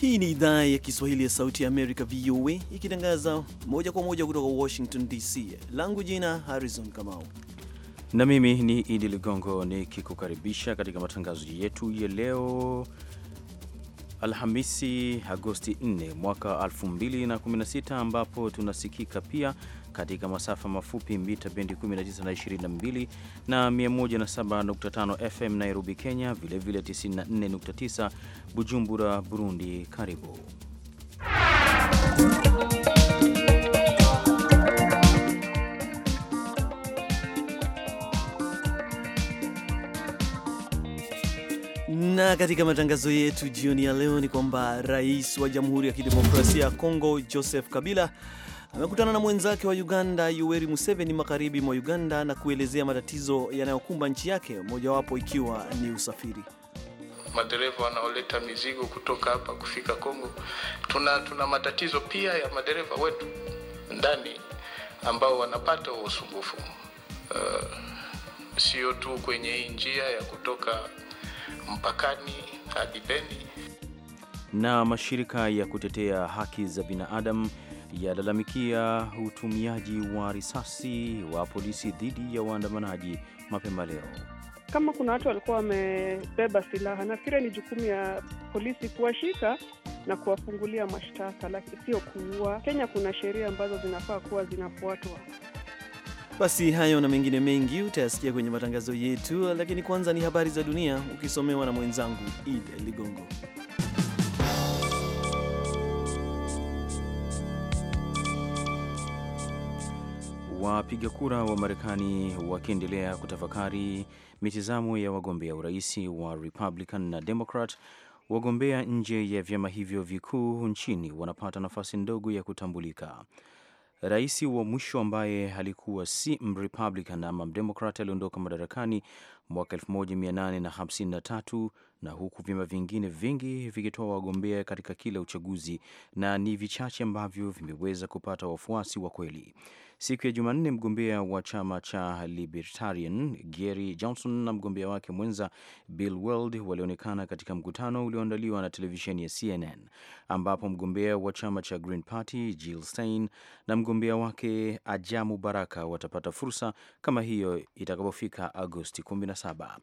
Hii ni idhaa ya Kiswahili ya Sauti ya Amerika, VOA, ikitangaza moja kwa moja kutoka Washington DC. Langu jina Harrison Kamau na mimi ni Idi Ligongo nikikukaribisha katika matangazo yetu ya leo Alhamisi, Agosti 4 mwaka 2016, ambapo tunasikika pia katika masafa mafupi mita bendi 19 na 22 na 107.5 FM Nairobi, Kenya, vilevile 94.9 Bujumbura, Burundi. Karibu na katika matangazo yetu jioni ya leo ni kwamba rais wa Jamhuri ya Kidemokrasia ya Kongo Joseph Kabila amekutana na mwenzake wa Uganda Yoweri Museveni magharibi mwa Uganda na kuelezea matatizo yanayokumba nchi yake, mojawapo ikiwa ni usafiri. Madereva wanaoleta mizigo kutoka hapa kufika Kongo, tuna tuna matatizo pia ya madereva wetu ndani ambao wanapata usumbufu uh, sio tu kwenye hii njia ya kutoka mpakani hadi Beni. Na mashirika ya kutetea haki za binadamu yalalamikia utumiaji wa risasi wa polisi dhidi ya waandamanaji mapema leo. Kama kuna watu walikuwa wamebeba silaha, nafikiri ni jukumu ya polisi kuwashika na kuwafungulia mashtaka, lakini sio kuua. Kenya kuna sheria ambazo zinafaa kuwa zinafuatwa. Basi hayo na mengine mengi utayasikia kwenye matangazo yetu, lakini kwanza ni habari za dunia ukisomewa na mwenzangu Id Ligongo. Wapiga kura wa Marekani wakiendelea kutafakari mitazamo ya wagombea urais wa Republican na Democrat, wagombea nje ya vyama hivyo vikuu nchini wanapata nafasi ndogo ya kutambulika. Rais wa mwisho ambaye alikuwa si Mrepublican ama Mdemokrat aliondoka madarakani mwaka 1853 na huku vyama vingine vingi vikitoa wagombea katika kila uchaguzi, na ni vichache ambavyo vimeweza kupata wafuasi wa kweli. Siku ya Jumanne, mgombea wa chama cha Libertarian Gary Johnson na mgombea wake mwenza Bill Weld walionekana katika mkutano ulioandaliwa na televisheni ya CNN ambapo mgombea wa chama cha Green Party Jill Stein na mgombea wake Ajamu Baraka watapata fursa kama hiyo itakapofika Agosti 17.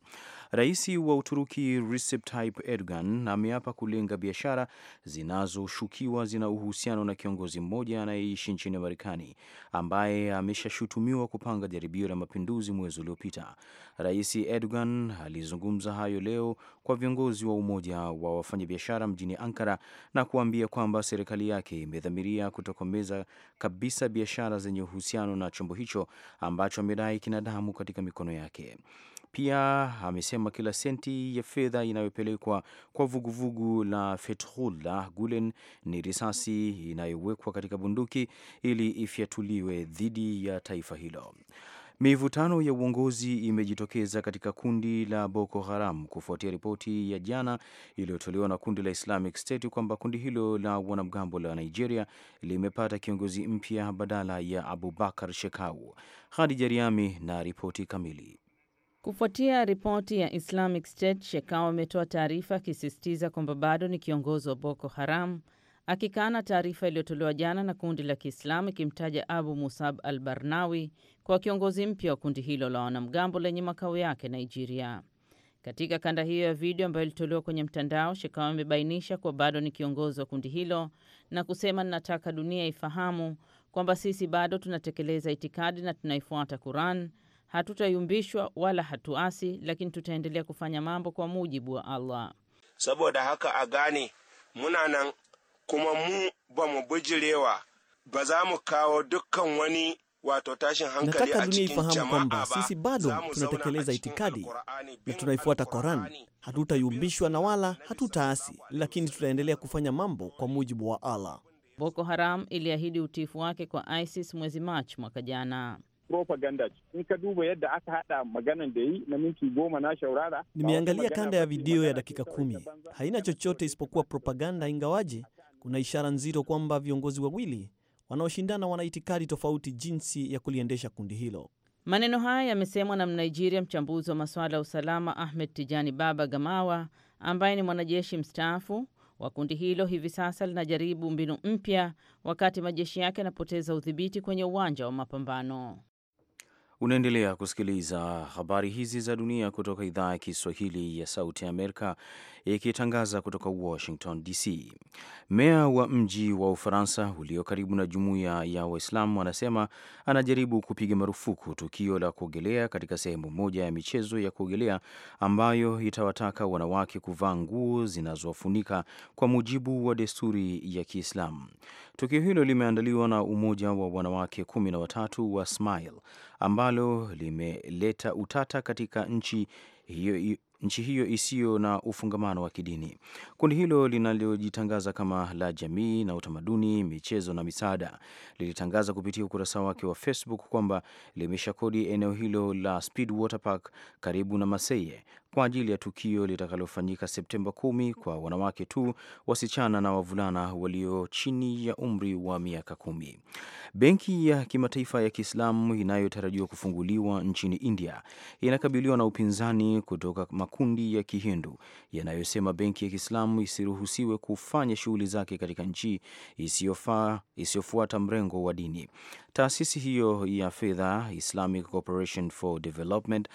Rais wa Uturuki Recep Tayyip Erdogan ameapa kulenga biashara zinazoshukiwa zina uhusiano na kiongozi mmoja anayeishi nchini Marekani ambaye ambaye ameshashutumiwa kupanga jaribio la mapinduzi mwezi uliopita. Rais Erdogan alizungumza hayo leo kwa viongozi wa Umoja wa Wafanyabiashara mjini Ankara na kuambia kwamba serikali yake imedhamiria kutokomeza kabisa biashara zenye uhusiano na chombo hicho ambacho amedai kina damu katika mikono yake. Pia amesema kila senti ya fedha inayopelekwa kwa vuguvugu vugu la Fethullah Gulen ni risasi inayowekwa katika bunduki ili ifyatuliwe dhidi ya taifa hilo. Mivutano ya uongozi imejitokeza katika kundi la Boko Haram kufuatia ripoti ya jana iliyotolewa na kundi la Islamic State kwamba kundi hilo la wanamgambo la Nigeria limepata kiongozi mpya badala ya Abubakar Shekau. Hadija Riami na ripoti kamili. Kufuatia ripoti ya Islamic State, Shekau ametoa taarifa akisisitiza kwamba bado ni kiongozi wa Boko Haram, akikana taarifa iliyotolewa jana na kundi la Kiislamu ikimtaja Abu Musab al Barnawi kwa kiongozi mpya wa kundi hilo la wanamgambo lenye makao yake Nigeria. Katika kanda hiyo ya video ambayo ilitolewa kwenye mtandao, Shekau amebainisha kuwa bado ni kiongozi wa kundi hilo na kusema, ninataka dunia ifahamu kwamba sisi bado tunatekeleza itikadi na tunaifuata Quran Hatutayumbishwa wala hatuasi, lakini tutaendelea kufanya mambo kwa mujibu wa Allah. Saboda haka a muna nan kuma mu ba mu bujirewa, ba za mu kawo dukkan wani wato tashin hankali a cikin jama'a kwamba sisi bado tunatekeleza itikadi na tunaifuata Koran. Hatutayumbishwa na wala hatutaasi, lakini tutaendelea kufanya mambo kwa mujibu wa Allah. Boko Haram iliahidi utiifu wake kwa ISIS mwezi Machi mwaka jana propaganda ce in ka duba yadda aka hada maganan da yi na minti goma na shaurara nimeangalia kanda ya video ya dakika kumi haina chochote isipokuwa propaganda ingawaje kuna ishara nzito kwamba viongozi wawili wanaoshindana wana itikadi tofauti jinsi ya kuliendesha kundi hilo maneno haya yamesemwa na mnigeria mchambuzi wa masuala ya usalama ahmed tijani baba gamawa ambaye ni mwanajeshi mstaafu wa kundi hilo hivi sasa linajaribu mbinu mpya wakati majeshi yake yanapoteza udhibiti kwenye uwanja wa mapambano. Unaendelea kusikiliza habari hizi za dunia kutoka idhaa ya Kiswahili ya Sauti ya Amerika ikitangaza kutoka Washington DC. Meya wa mji wa Ufaransa ulio karibu na jumuiya ya Waislamu anasema anajaribu kupiga marufuku tukio la kuogelea katika sehemu moja ya michezo ya kuogelea ambayo itawataka wanawake kuvaa nguo zinazofunika kwa mujibu wa desturi ya Kiislamu. Tukio hilo limeandaliwa na umoja wa wanawake kumi na watatu wa Smile ambalo limeleta utata katika nchi hiyo nchi hiyo isiyo na ufungamano wa kidini. Kundi hilo linalojitangaza kama la jamii na utamaduni, michezo na misaada lilitangaza kupitia ukurasa wake wa Facebook kwamba limeshakodi eneo hilo la Speed Park karibu na Maseye kwa ajili ya tukio litakalofanyika Septemba kumi kwa wanawake tu, wasichana na wavulana walio chini ya umri wa miaka kumi. Benki ya Kimataifa ya Kiislamu inayotarajiwa kufunguliwa nchini India inakabiliwa na upinzani kutoka makundi ya Kihindu yanayosema benki ya Kiislamu isiruhusiwe kufanya shughuli zake katika nchi isiyofuata mrengo wa dini. Taasisi hiyo ya fedha Islamic Corporation for Development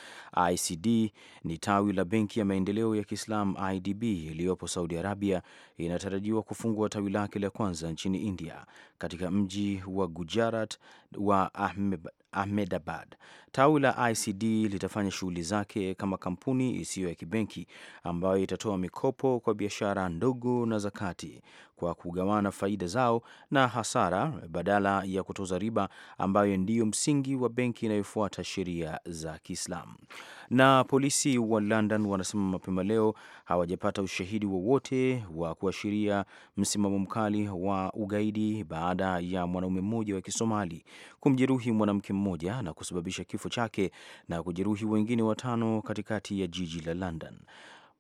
ICD ni tawi la benki ya maendeleo ya Kiislamu IDB iliyopo Saudi Arabia. Inatarajiwa kufungua tawi lake la kwanza nchini India katika mji wa Gujarat wa ahmed Ahmedabad Tawi la ICD litafanya shughuli zake kama kampuni isiyo ya kibenki ambayo itatoa mikopo kwa biashara ndogo na za kati kwa kugawana faida zao na hasara badala ya kutoza riba ambayo ndiyo msingi wa benki inayofuata sheria za Kiislamu. Na polisi wa London wanasema mapema leo hawajapata ushahidi wowote wa, wa kuashiria msimamo mkali wa ugaidi baada ya mwanaume mmoja wa Kisomali kumjeruhi mwanamke mmoja na kusababisha kifu kifo chake na kujeruhi wengine watano katikati ya jiji la London.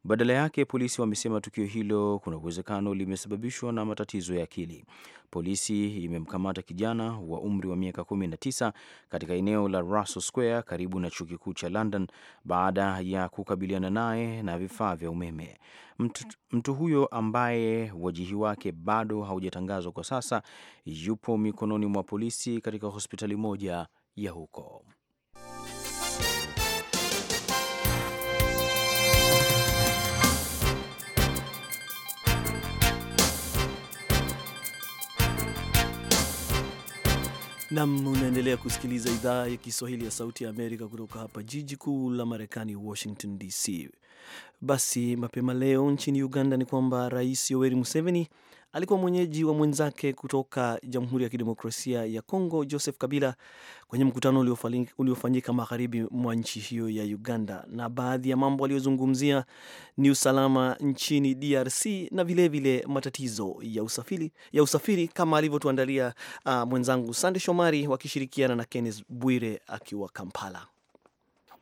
Badala yake polisi wamesema tukio hilo kuna uwezekano limesababishwa na matatizo ya akili. Polisi imemkamata kijana wa umri wa miaka 19 katika eneo la Russell Square karibu na chuo kikuu cha London baada ya kukabiliana naye na vifaa vya umeme. Mtu, mtu huyo ambaye wajihi wake bado haujatangazwa kwa sasa yupo mikononi mwa polisi katika hospitali moja ya huko. Nam, unaendelea kusikiliza idhaa ya Kiswahili ya Sauti ya Amerika kutoka hapa jiji kuu la Marekani, Washington DC. Basi mapema leo nchini Uganda ni kwamba Rais Yoweri Museveni alikuwa mwenyeji wa mwenzake kutoka Jamhuri ya Kidemokrasia ya Kongo, Joseph Kabila, kwenye mkutano uliofanyika magharibi mwa nchi hiyo ya Uganda, na baadhi ya mambo aliyozungumzia ni usalama nchini DRC na vilevile vile matatizo ya usafiri, ya usafiri kama alivyotuandalia uh, mwenzangu Sande Shomari wakishirikiana na Kenneth Bwire akiwa Kampala.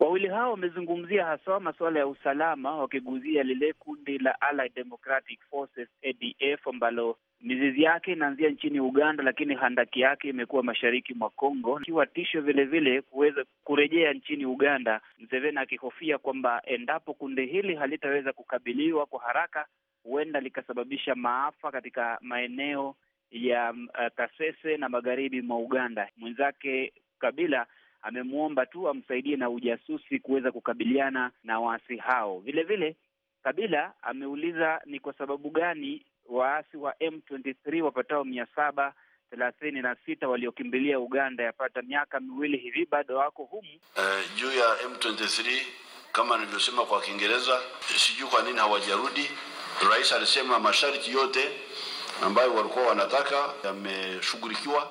Wawili hao wamezungumzia haswa masuala ya usalama, wakiguzia lile kundi la Allied Democratic Forces ADF ambalo mizizi yake inaanzia nchini Uganda, lakini handaki yake imekuwa mashariki mwa congo ikiwa tisho vilevile kuweza kurejea nchini Uganda, Mseveni akihofia kwamba endapo kundi hili halitaweza kukabiliwa kwa haraka, huenda likasababisha maafa katika maeneo ya uh, Kasese na magharibi mwa Uganda. Mwenzake Kabila amemwomba tu amsaidie na ujasusi kuweza kukabiliana na waasi hao. Vilevile Kabila ameuliza ni kwa sababu gani waasi wa M23 wapatao mia saba thelathini na sita waliokimbilia Uganda yapata miaka miwili hivi bado wako humu. Uh, juu ya M23 kama nilivyosema kwa Kiingereza, sijui kwa nini hawajarudi. Rais alisema masharti yote ambayo walikuwa wanataka yameshughulikiwa,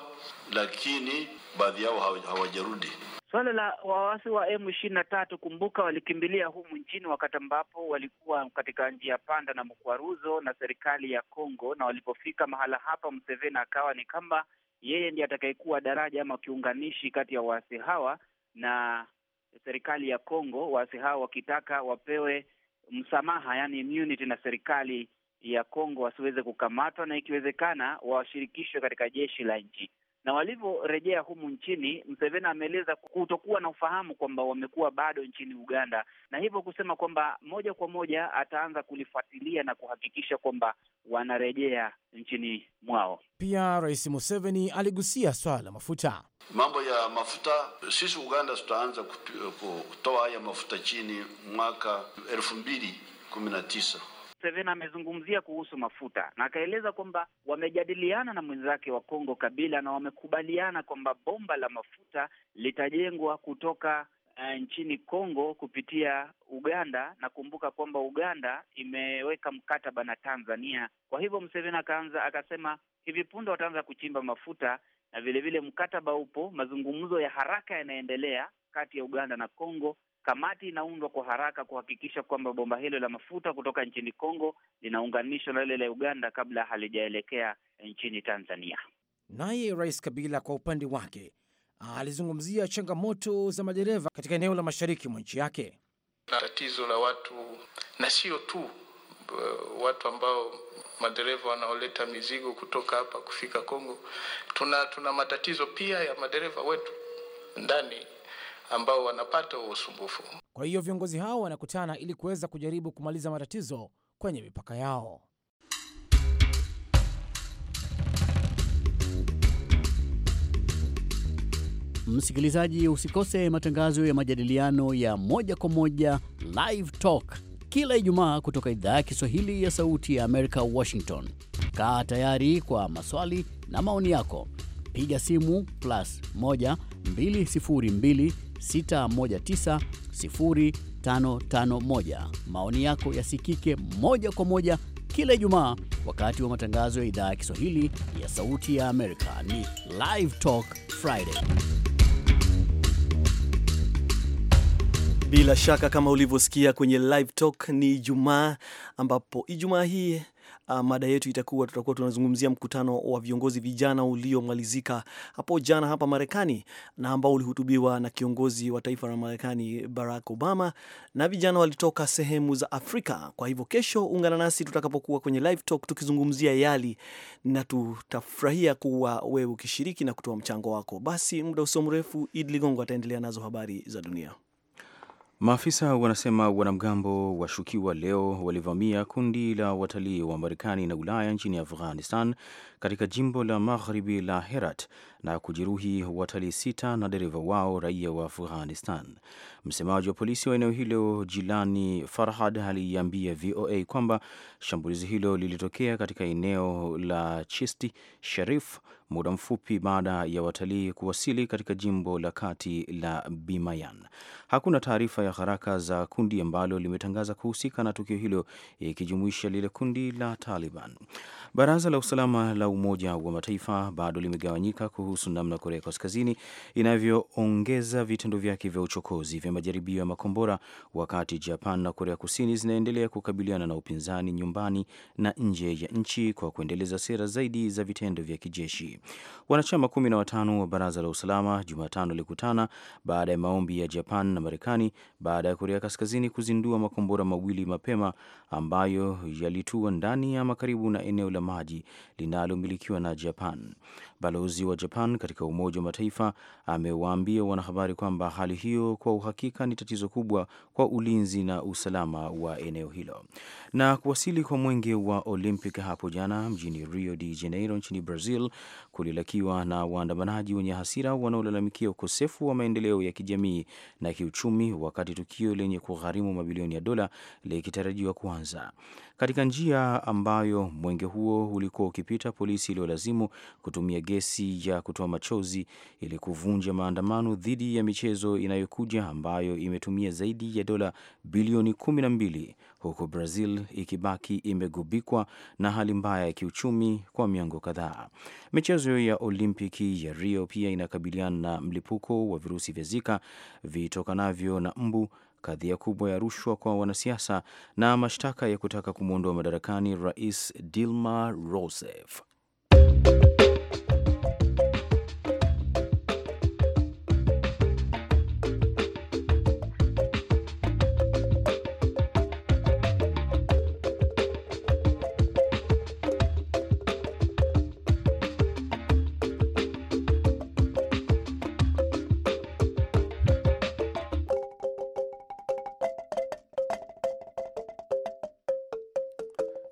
lakini baadhi yao hawajarudi. Swala la waasi wa M ishirini na tatu, kumbuka walikimbilia humu nchini wakati ambapo walikuwa katika njia panda na mkwaruzo na serikali ya Kongo, na walipofika mahala hapa, Museveni akawa ni kama yeye ndiye atakayekuwa daraja ama kiunganishi kati ya waasi hawa na serikali ya Kongo, waasi hawa wakitaka wapewe msamaha, yani immunity na serikali ya Kongo, wasiweze kukamatwa na ikiwezekana washirikishwe katika jeshi la nchi na walivyorejea humu nchini, Mseveni ameeleza kutokuwa na ufahamu kwamba wamekuwa bado nchini Uganda, na hivyo kusema kwamba moja kwa moja ataanza kulifuatilia na kuhakikisha kwamba wanarejea nchini mwao. Pia Rais Museveni aligusia swala la mafuta, mambo ya mafuta. Sisi Uganda tutaanza kutoa haya mafuta chini mwaka elfu mbili kumi na tisa. Museveni amezungumzia kuhusu mafuta na akaeleza kwamba wamejadiliana na mwenzake wa Kongo Kabila na wamekubaliana kwamba bomba la mafuta litajengwa kutoka uh, nchini Kongo kupitia Uganda na kumbuka kwamba Uganda imeweka mkataba na Tanzania. Kwa hivyo Museveni akaanza akasema hivi punde wataanza kuchimba mafuta na vilevile mkataba upo, mazungumzo ya haraka yanaendelea kati ya Uganda na Kongo kamati inaundwa kwa haraka kuhakikisha kwamba bomba hilo la mafuta kutoka nchini Kongo linaunganishwa na lile la Uganda kabla halijaelekea nchini Tanzania. Naye Rais Kabila kwa upande wake alizungumzia changamoto za madereva katika eneo la mashariki mwa nchi yake, na tatizo la watu na sio tu uh, watu ambao madereva wanaoleta mizigo kutoka hapa kufika Kongo. Tuna, tuna matatizo pia ya madereva wetu ndani ambao wanapata huo usumbufu. Kwa hiyo viongozi hao wanakutana ili kuweza kujaribu kumaliza matatizo kwenye mipaka yao. Msikilizaji, usikose matangazo ya majadiliano ya moja kwa moja Live Talk kila Ijumaa kutoka idhaa ya Kiswahili ya Sauti ya Amerika, Washington. Kaa tayari kwa maswali na maoni yako, piga simu plus 1 202 619 Maoni yako yasikike moja kwa moja kila Ijumaa wakati wa matangazo ya idhaa ya Kiswahili ya Sauti ya Amerika. Ni Live Talk Friday. Bila shaka kama ulivyosikia kwenye Live Talk ni Ijumaa, ambapo Ijumaa hii uh, mada yetu itakuwa tutakuwa tunazungumzia mkutano wa viongozi vijana uliomalizika hapo jana hapa Marekani na ambao ulihutubiwa na kiongozi wa taifa la Marekani Barack Obama, na vijana walitoka sehemu za Afrika. Kwa hivyo kesho ungana nasi tutakapokuwa kwenye live talk tukizungumzia yali, na tutafurahia kuwa wewe ukishiriki na kutoa mchango wako. Basi muda usio mrefu Idi Ligongo ataendelea nazo habari za dunia. Maafisa wanasema wanamgambo washukiwa leo walivamia kundi la watalii wa Marekani na Ulaya nchini Afghanistan katika jimbo la magharibi la Herat na kujeruhi watalii sita na dereva wao raia wa Afghanistan. Msemaji wa polisi wa eneo hilo Jilani Farhad aliiambia VOA kwamba shambulizi hilo lilitokea katika eneo la Chisti Sharif muda mfupi baada ya watalii kuwasili katika jimbo la kati la Bimayan. Hakuna taarifa ya haraka za kundi ambalo limetangaza kuhusika na tukio hilo ikijumuisha lile kundi la Taliban. Baraza la usalama la Umoja wa Mataifa bado limegawanyika kuhu kuhusu namna Korea Kaskazini inavyoongeza vitendo vyake vya uchokozi vya majaribio ya makombora, wakati Japan na Korea Kusini zinaendelea kukabiliana na upinzani nyumbani na nje ya nchi kwa kuendeleza sera zaidi za vitendo vya kijeshi. Wanachama kumi na watano wa Baraza la Usalama Jumatano walikutana baada ya maombi ya Japan na Marekani baada ya Korea Kaskazini kuzindua makombora mawili mapema ambayo yalitua ndani ama karibu na eneo la maji linalomilikiwa na Japan. Balozi wa Japan katika Umoja wa Mataifa amewaambia wanahabari kwamba hali hiyo kwa uhakika ni tatizo kubwa kwa ulinzi na usalama wa eneo hilo. Na kuwasili kwa mwenge wa Olympic hapo jana mjini Rio de Janeiro nchini Brazil kulilakiwa na waandamanaji wenye hasira wanaolalamikia ukosefu wa maendeleo ya kijamii na kiuchumi, wakati tukio lenye kugharimu mabilioni ya dola likitarajiwa kuanza. Katika njia ambayo mwenge huo ulikuwa ukipita, polisi iliyolazimu kutumia gesi ya kutoa machozi ili kuvunja maandamano dhidi ya michezo inayokuja ambayo imetumia zaidi ya dola bilioni 12 huku Brazil ikibaki imegubikwa na hali mbaya ya kiuchumi kwa miongo kadhaa. Michezo ya Olimpiki ya Rio pia inakabiliana na mlipuko wa virusi vya Zika vitokanavyo na mbu, kadhia kubwa ya rushwa kwa wanasiasa na mashtaka ya kutaka kumwondoa madarakani Rais Dilma Rousseff.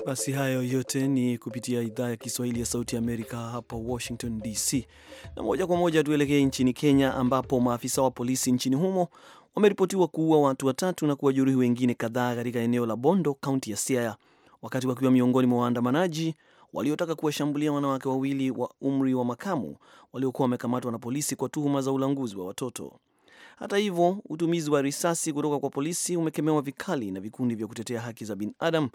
Basi hayo yote ni kupitia idhaa ya Kiswahili ya Sauti ya Amerika hapa Washington DC, na moja kwa moja tuelekee nchini Kenya ambapo maafisa wa polisi nchini humo wameripotiwa kuua watu watatu na kuwajeruhi wengine kadhaa katika eneo la Bondo, kaunti ya Siaya, wakati wakiwa miongoni mwa waandamanaji waliotaka kuwashambulia wanawake wawili wa umri wa makamu waliokuwa wamekamatwa na polisi kwa tuhuma za ulanguzi wa watoto. Hata hivyo, utumizi wa risasi kutoka kwa polisi umekemewa vikali na vikundi vya kutetea haki za binadamu,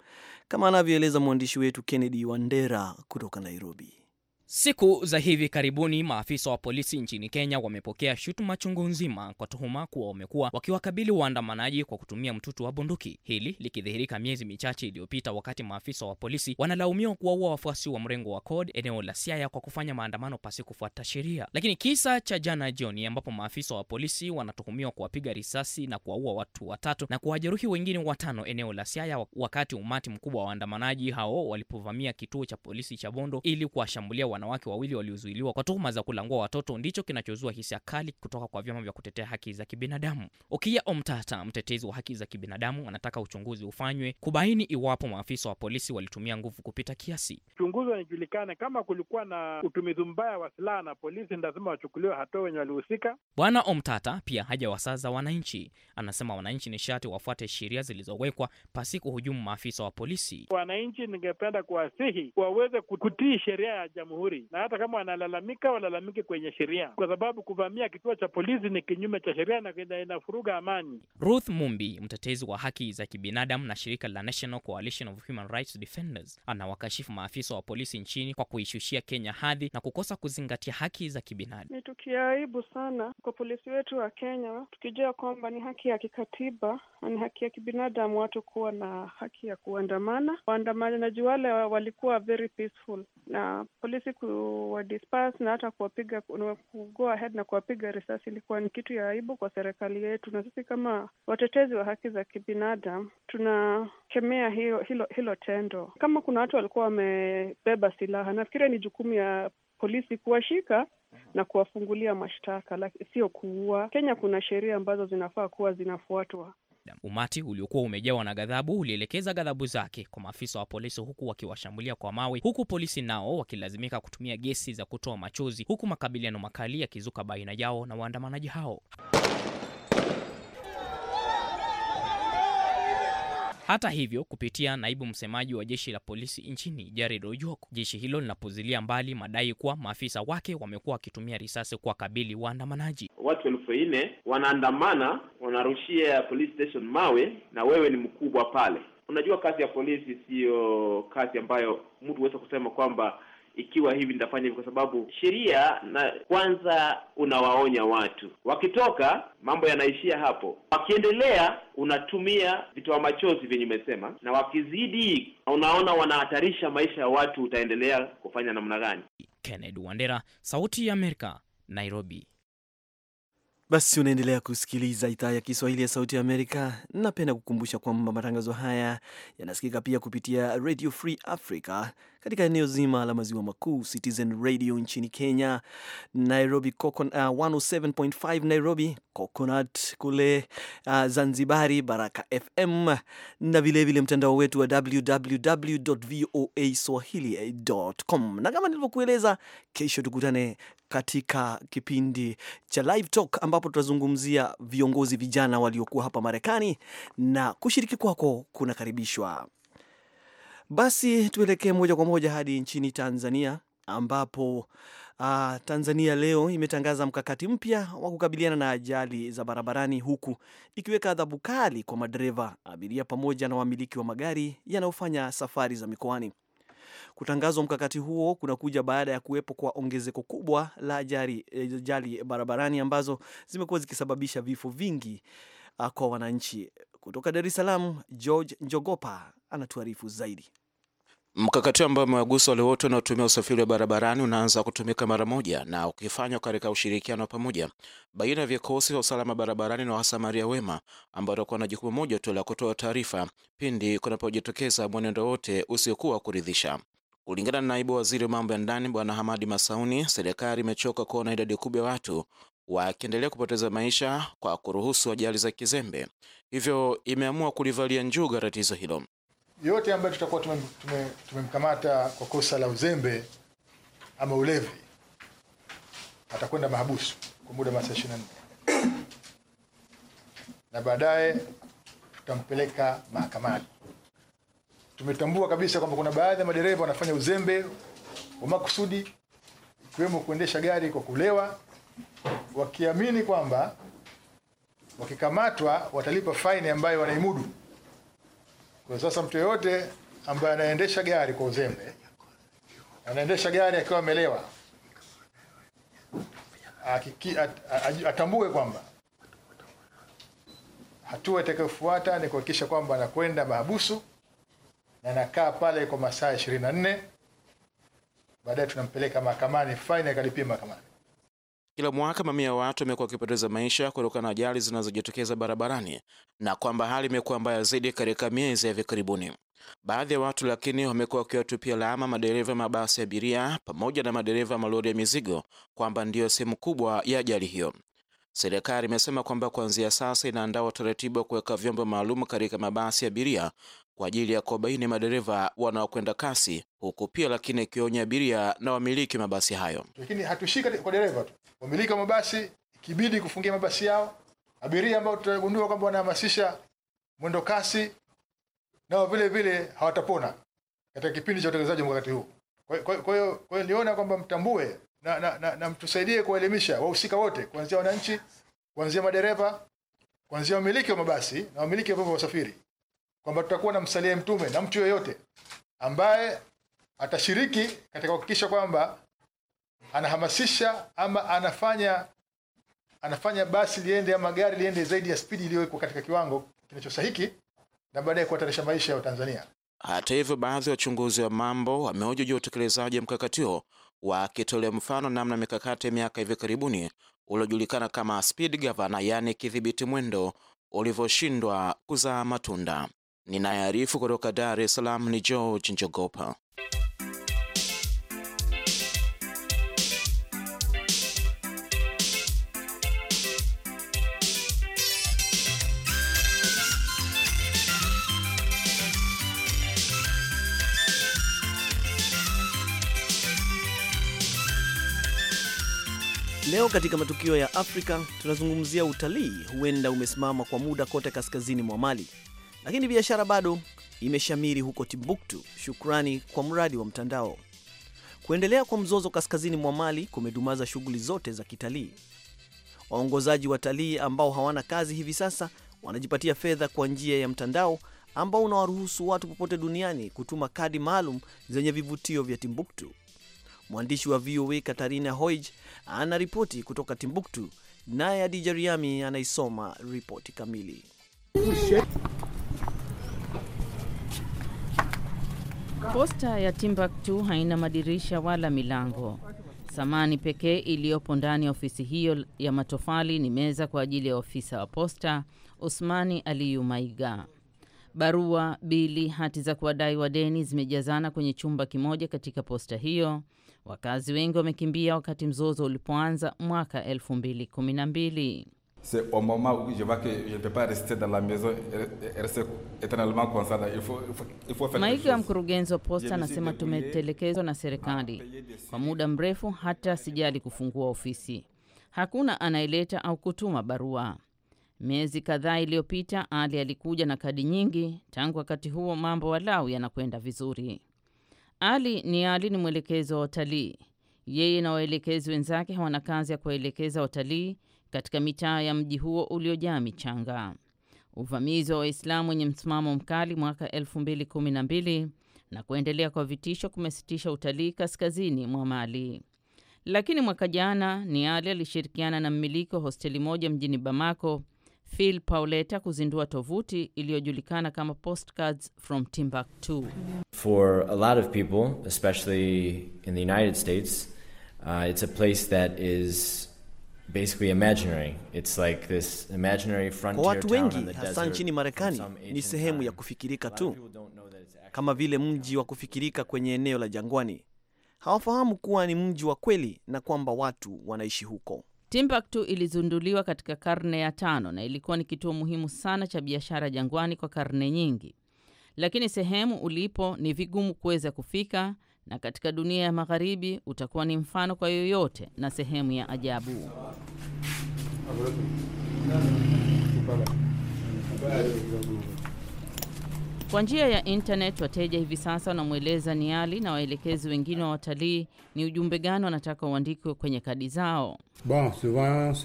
kama anavyoeleza mwandishi wetu Kennedy Wandera kutoka Nairobi. Siku za hivi karibuni maafisa wa polisi nchini Kenya wamepokea shutuma chungu nzima kwa tuhuma kuwa wamekuwa wakiwakabili waandamanaji kwa kutumia mtutu wa bunduki, hili likidhihirika miezi michache iliyopita wakati maafisa wa polisi wanalaumiwa kuwaua wafuasi wa mrengo wa CORD eneo la Siaya kwa kufanya maandamano pasi kufuata sheria. Lakini kisa cha jana jioni ambapo maafisa wa polisi wanatuhumiwa kuwapiga risasi na kuwaua watu watatu na kuwajeruhi wengine watano eneo la Siaya wakati umati mkubwa wa waandamanaji hao walipovamia kituo cha polisi cha Bondo ili kuwashambulia wanawake wawili waliozuiliwa kwa tuhuma za kulangua watoto ndicho kinachozua hisia kali kutoka kwa vyama vya kutetea haki za kibinadamu. Okiya Omtata, mtetezi wa haki za kibinadamu, anataka uchunguzi ufanywe kubaini iwapo maafisa wa polisi walitumia nguvu kupita kiasi. Uchunguzi wanijulikane kama kulikuwa na utumizi mbaya wa silaha na polisi lazima wachukuliwe hatua wenye walihusika. Bwana Omtata pia haja wasaza wananchi, anasema wananchi nishati wafuate sheria zilizowekwa pasi kuhujumu maafisa wa polisi. Wananchi ningependa kuwasihi waweze kutii sheria ya jamhuri jamhuri, na hata kama wanalalamika walalamike kwenye sheria, kwa sababu kuvamia kituo cha polisi ni kinyume cha sheria na inafuruga amani. Ruth Mumbi, mtetezi wa haki za kibinadamu na shirika la National Coalition of Human Rights Defenders, anawakashifu maafisa wa polisi nchini kwa kuishushia Kenya hadhi na kukosa kuzingatia haki za kibinadamu. Ni tukiaibu sana kwa polisi wetu wa Kenya, tukijua kwamba ni haki ya kikatiba ni haki ya kibinadamu watu kuwa na haki ya kuandamana. Waandamanaji wale walikuwa very peaceful, na polisi kuwadisperse na hata kuwapiga go ahead na kuwapiga risasi ilikuwa ni kitu ya aibu kwa serikali yetu, na sisi kama watetezi wa haki za kibinadamu tunakemea hilo, hilo, hilo tendo. Kama kuna watu walikuwa wamebeba silaha, nafikiria ni jukumu ya polisi kuwashika na kuwafungulia mashtaka, sio kuua. Kenya kuna sheria ambazo zinafaa kuwa zinafuatwa. Umati uliokuwa umejawa na ghadhabu ulielekeza ghadhabu zake kwa maafisa wa polisi, huku wakiwashambulia kwa mawe, huku polisi nao wakilazimika kutumia gesi za kutoa machozi, huku makabiliano makali yakizuka baina yao na waandamanaji hao. Hata hivyo, kupitia naibu msemaji wa jeshi la polisi nchini Jared Ojok, jeshi hilo linapuzilia mbali madai kuwa maafisa wake wamekuwa wakitumia risasi kuwakabili waandamanaji watu elfu nne wanaandamana, wanarushia police station mawe, na wewe ni mkubwa pale. Unajua, kazi ya polisi siyo kazi ambayo mtu huweza kusema kwamba ikiwa hivi nitafanya hivi, kwa sababu sheria na kwanza unawaonya watu, wakitoka mambo yanaishia hapo. Wakiendelea unatumia vitoa machozi vyenye umesema, na wakizidi unaona wanahatarisha maisha ya watu, utaendelea kufanya namna gani? Kennedy Wandera, Sauti ya Amerika, Nairobi. Basi unaendelea kusikiliza idhaa ya Kiswahili ya Sauti ya Amerika. Napenda kukumbusha kwamba matangazo haya yanasikika pia kupitia Radio Free Africa katika eneo zima la maziwa makuu, Citizen Radio nchini Kenya, Nairobi Coconut, uh, 107.5 Nairobi Coconut kule uh, Zanzibari, Baraka FM na vilevile mtandao wetu wa www voa swahilicom Na kama nilivyokueleza, kesho tukutane katika kipindi cha Live Talk ambapo tutazungumzia viongozi vijana waliokuwa hapa Marekani na kushiriki kwako kunakaribishwa. Basi tuelekee moja kwa moja hadi nchini Tanzania ambapo uh, Tanzania leo imetangaza mkakati mpya wa kukabiliana na ajali za barabarani huku ikiweka adhabu kali kwa madereva, abiria pamoja na wamiliki wa magari yanayofanya safari za mikoani. Kutangazwa mkakati huo kunakuja baada ya kuwepo kwa ongezeko kubwa la ajali, ajali barabarani ambazo zimekuwa zikisababisha vifo vingi uh, kwa wananchi. Kutoka Dar es Salaam, George Njogopa anatuarifu zaidi. Mkakati ambao umewagusa wale wote wanaotumia usafiri wa barabarani unaanza kutumika mara moja na ukifanywa katika ushirikiano pamoja baina ya vikosi vya usalama barabarani na wasamaria wema ambao watakuwa na jukumu moja tu la kutoa taarifa pindi kunapojitokeza mwenendo wote usiokuwa kuridhisha. Kulingana na naibu waziri wa mambo ya ndani Bwana Hamadi Masauni, serikali imechoka kuona idadi kubwa ya watu wakiendelea kupoteza maisha kwa kuruhusu ajali za kizembe, hivyo imeamua kulivalia njuga tatizo hilo yote ambayo tutakuwa tumemkamata tume, tume kwa kosa la uzembe ama ulevi atakwenda mahabusu kwa muda wa masaa 24 na baadaye tutampeleka mahakamani. Tumetambua kabisa kwamba kuna baadhi ya madereva wanafanya uzembe wa makusudi, ikiwemo kuendesha gari kwa kulewa, wakiamini kwamba wakikamatwa watalipa faini ambayo wanaimudu. Kwa sasa mtu yoyote ambaye anaendesha gari kwa uzembe, anaendesha gari akiwa amelewa, atambue kwamba hatua itakayofuata ni kuhakikisha kwamba anakwenda mahabusu na anakaa pale kwa masaa ishirini na nne. Baadaye tunampeleka mahakamani, faini akalipia mahakamani. Kila mwaka mamia ya watu wamekuwa wakipoteza maisha kutokana na ajali zinazojitokeza barabarani na kwamba hali imekuwa mbaya zaidi katika miezi ya hivi karibuni. Baadhi ya watu lakini wamekuwa wakiwatupia lawama madereva mabasi ya abiria pamoja na madereva malori ya mizigo kwamba ndiyo sehemu kubwa ya ajali hiyo. Serikali imesema kwamba kuanzia sasa inaandaa utaratibu wa kuweka vyombo maalum katika mabasi ya abiria kwa ajili ya kuwabaini madereva wanaokwenda kasi, huku pia lakini ikionya abiria na wamiliki mabasi hayo. Lakini hatushika kwa dereva tu, wamiliki wa mabasi ikibidi kufungia mabasi yao, abiria ambao tutagundua kwamba wanahamasisha mwendo kasi, nao vile vile hawatapona katika kipindi cha utekelezaji wa mkakati huu. Kwa hiyo kwa hiyo niona kwamba mtambue na, na, na, na mtusaidie kuwaelimisha wahusika wote, kuanzia wananchi, kuanzia madereva, kuanzia wamiliki wa mabasi na wamiliki wa vyombo vya usafiri kwamba tutakuwa na msalia mtume na mtu yoyote ambaye atashiriki katika kuhakikisha kwamba anahamasisha ama anafanya anafanya basi liende ama gari liende zaidi ya spidi iliyowekwa katika kiwango kinachosahiki na baadaye kuhatarisha maisha ya Watanzania. Hata hivyo, baadhi ya wachunguzi wa mambo wamehoji juu ya utekelezaji wa mkakati huo, wakitolea mfano namna mikakati ya miaka hivi karibuni uliojulikana kama speed governor, yaani kidhibiti mwendo ulivyoshindwa kuzaa matunda. Ninayearifu kutoka Dar es Salaam ni George Njogopa. Leo katika matukio ya Afrika tunazungumzia utalii huenda umesimama kwa muda kote kaskazini mwa Mali lakini biashara bado imeshamiri huko Timbuktu, shukrani kwa mradi wa mtandao. Kuendelea kwa mzozo kaskazini mwa Mali kumedumaza shughuli zote za kitalii. Waongozaji watalii ambao hawana kazi hivi sasa wanajipatia fedha kwa njia ya mtandao ambao unawaruhusu watu popote duniani kutuma kadi maalum zenye vivutio vya Timbuktu. Mwandishi wa VOA Katarina Hoij ripoti kutoka Timbuktu, naye Adija Riami anaisoma ripoti kamili. Posta ya Timbuktu haina madirisha wala milango. Samani pekee iliyopo ndani ya ofisi hiyo ya matofali ni meza kwa ajili ya ofisa wa posta Usmani Aliyu Maiga. Barua, bili, hati za kuwadai wadeni zimejazana kwenye chumba kimoja katika posta hiyo. Wakazi wengi wamekimbia wakati mzozo ulipoanza mwaka 2012 c'est au moment où je vois que je ne peux pas rester dans la maison rester éternellement comme ça. Il faut, il faut, il faut faire Maigi wa mkurugenzi wa posta anasema tumetelekezwa na serikali kwa muda mrefu, hata sijali kufungua ofisi. Hakuna anayeleta au kutuma barua. Miezi kadhaa iliyopita, Ali alikuja na kadi nyingi. Tangu wakati huo, mambo walau yanakwenda vizuri. Ali ni Ali ni mwelekezo wa watalii. Yeye na waelekezi wenzake hawana kazi ya kuwaelekeza watalii katika mitaa ya mji huo uliojaa michanga. Uvamizi wa Waislamu wenye msimamo mkali mwaka 2012 na kuendelea kwa vitisho kumesitisha utalii kaskazini mwa Mali. Lakini mwaka jana Niali alishirikiana na mmiliki wa hosteli moja mjini Bamako, Phil Pauleta, kuzindua tovuti iliyojulikana kama Postcards from Timbuktu. For a lot of people, especially in the United States, uh, it's a place that is basically imaginary. It's like this imaginary frontier kwa watu wengi hasa nchini Marekani ni sehemu ya kufikirika tu, kama vile mji wa kufikirika kwenye eneo la jangwani. Hawafahamu kuwa ni mji wa kweli na kwamba watu wanaishi huko. Timbuktu ilizunduliwa katika karne ya tano na ilikuwa ni kituo muhimu sana cha biashara jangwani kwa karne nyingi, lakini sehemu ulipo ni vigumu kuweza kufika na katika dunia ya magharibi utakuwa ni mfano kwa yoyote na sehemu ya ajabu. Kwa njia ya internet, wateja hivi sasa wanamweleza Niali na waelekezi wengine wa watalii ni ujumbe gani wanataka uandikwe kwenye kadi zao. Bon, souvent,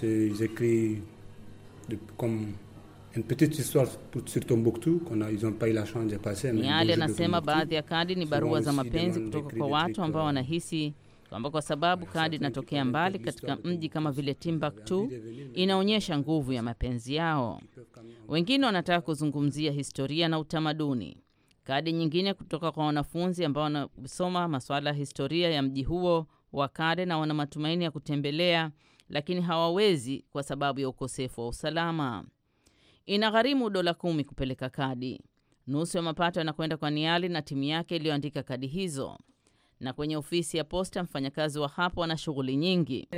Une petite histoire sur Tombouctou, ils ont pas eu la chance de passer. Miale anasema baadhi ya kadi ni barua za mapenzi kutoka kwa watu ambao wanahisi kwamba kwa sababu kadi inatokea mbali katika mji kama vile Timbuktu inaonyesha nguvu ya mapenzi yao. Wengine wanataka kuzungumzia historia na utamaduni. Kadi nyingine kutoka kwa wanafunzi ambao wanasoma masuala ya historia ya mji huo wa kale na wana matumaini ya kutembelea, lakini hawawezi kwa sababu ya ukosefu wa usalama inagharimu dola kumi kupeleka kadi. Nusu ya mapato yanakwenda kwa Niali na timu yake iliyoandika kadi hizo na kwenye ofisi ya posta mfanyakazi wa hapo ana shughuli nyingi.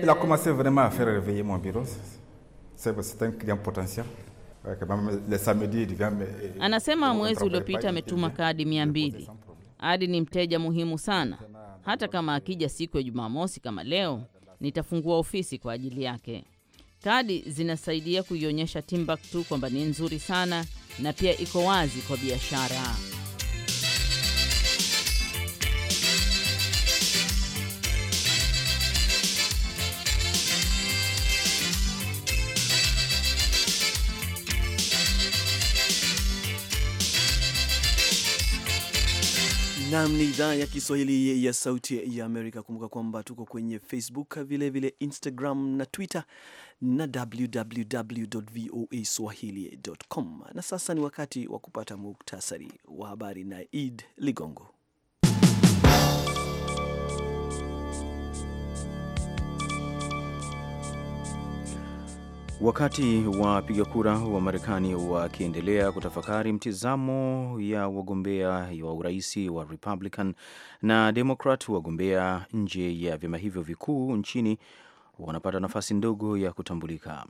Anasema mwezi uliopita ametuma kadi mia mbili. Adi ni mteja muhimu sana, hata kama akija siku ya Jumamosi kama leo, nitafungua ofisi kwa ajili yake. Kadi zinasaidia kuionyesha Timbuktu kwamba ni nzuri sana na pia iko wazi kwa biashara. Nam ni idhaa ya Kiswahili ya Sauti ya Amerika. Kumbuka kwamba tuko kwenye Facebook vilevile, Instagram na Twitter na swahilicom Na sasa ni wakati wa kupata muktasari wa habari na Id Ligongo. Wakati wapiga kura wa Marekani wakiendelea kutafakari mtizamo ya wagombea wa urais wa Republican na Democrat, wagombea nje ya vyama hivyo vikuu nchini wanapata nafasi ndogo ya kutambulika.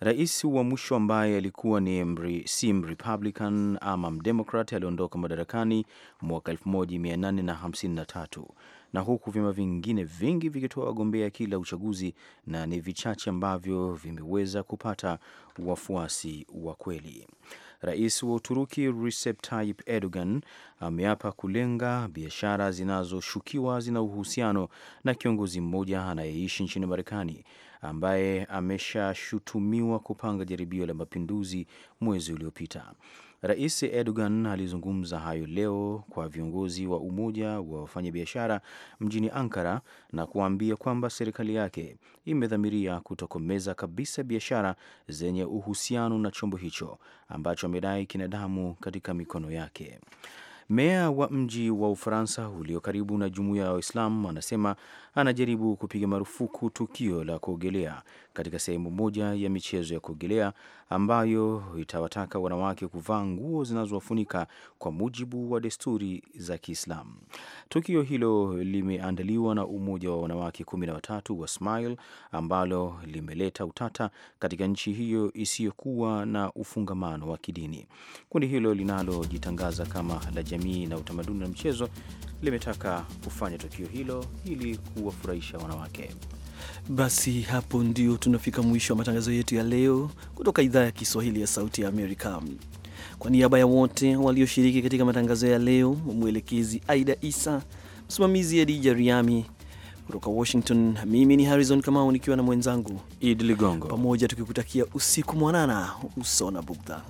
Rais wa mwisho ambaye alikuwa ni mri, si mrepublican ama mdemokrat aliondoka madarakani mwaka 1853 na, na huku vyama vingine vingi vikitoa wagombea kila uchaguzi, na ni vichache ambavyo vimeweza kupata wafuasi wa kweli. Rais wa Uturuki Recep Tayyip Erdogan ameapa kulenga biashara zinazoshukiwa zina uhusiano na kiongozi mmoja anayeishi nchini Marekani ambaye ameshashutumiwa kupanga jaribio la mapinduzi mwezi uliopita. Rais Erdogan alizungumza hayo leo kwa viongozi wa Umoja wa Wafanyabiashara mjini Ankara na kuwaambia kwamba serikali yake imedhamiria kutokomeza kabisa biashara zenye uhusiano na chombo hicho ambacho amedai kina damu katika mikono yake. Meya wa mji wa Ufaransa ulio karibu na jumuiya ya Waislamu anasema anajaribu kupiga marufuku tukio la kuogelea katika sehemu moja ya michezo ya kuogelea ambayo itawataka wanawake kuvaa nguo zinazowafunika kwa mujibu wa desturi za Kiislamu. Tukio hilo limeandaliwa na Umoja wa Wanawake kumi na watatu wa Smile ambalo limeleta utata katika nchi hiyo isiyokuwa na ufungamano wa kidini. Kundi hilo linalojitangaza kama la jamii na utamaduni na mchezo limetaka kufanya tukio hilo ili ku kuwafurahisha wanawake. Basi hapo ndio tunafika mwisho wa matangazo yetu ya leo kutoka idhaa ya Kiswahili ya Sauti ya Amerika. Kwa niaba ya wote walioshiriki katika matangazo ya leo, mwelekezi Aida Isa, msimamizi adija Riami kutoka Washington, mimi ni Harrison Kamau nikiwa na mwenzangu Idi Ligongo, pamoja tukikutakia usiku mwanana usona bugdha.